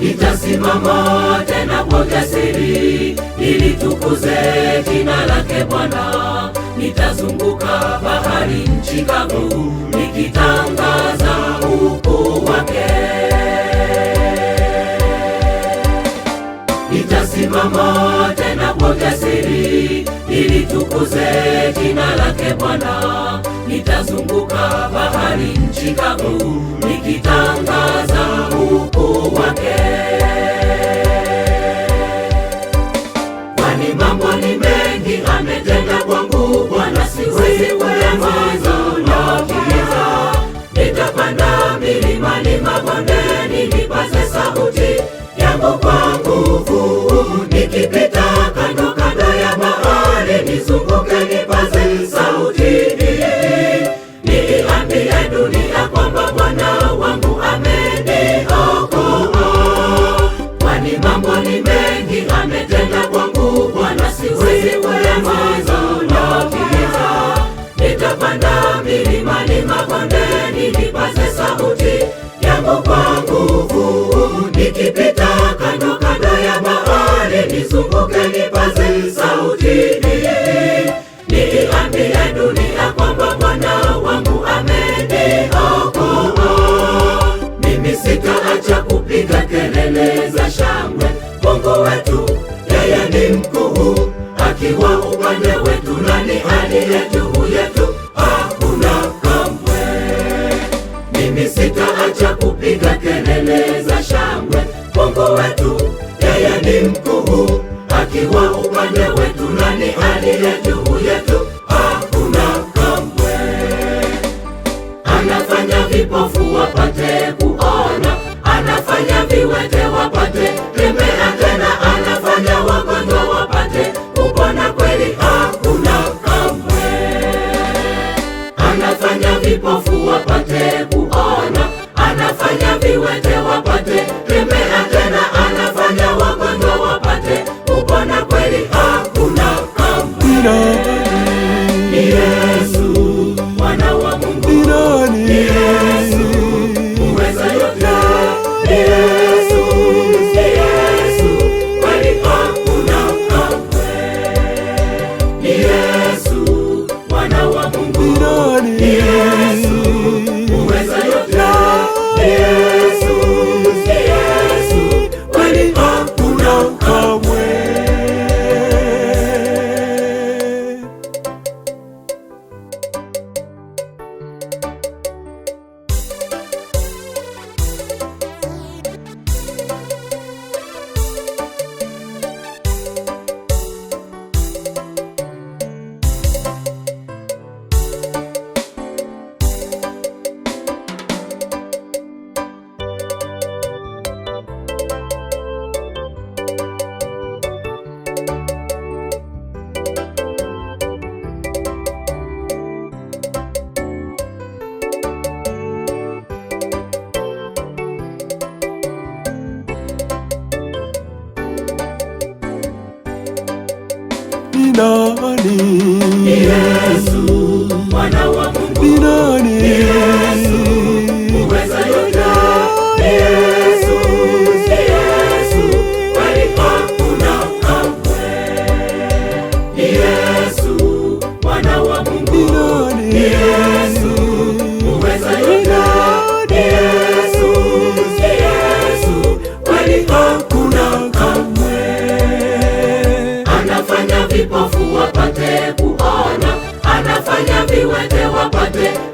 Nitasimama tena kwa ujasiri, tukuze jina lake Bwana. Nitazunguka bahari, nchi kavu, nikitangaza ukuu wake. Nitasimama tena kwa ujasiri, tukuze jina lake Bwana. Nitazunguka bahari, nchi kavu, nikitangaza milimani, mabondeni, nipase sauti yangu kwa nguvu wa upande wetu, nani aliye juu yetu? Hakuna kamwe. Anafanya vipofu wapate kuona, anafanya viwete wapate Yesu, uweza yote amani. Yesu mwana wa Mungu. vipofu wapate kuona, anafanya viwete wapate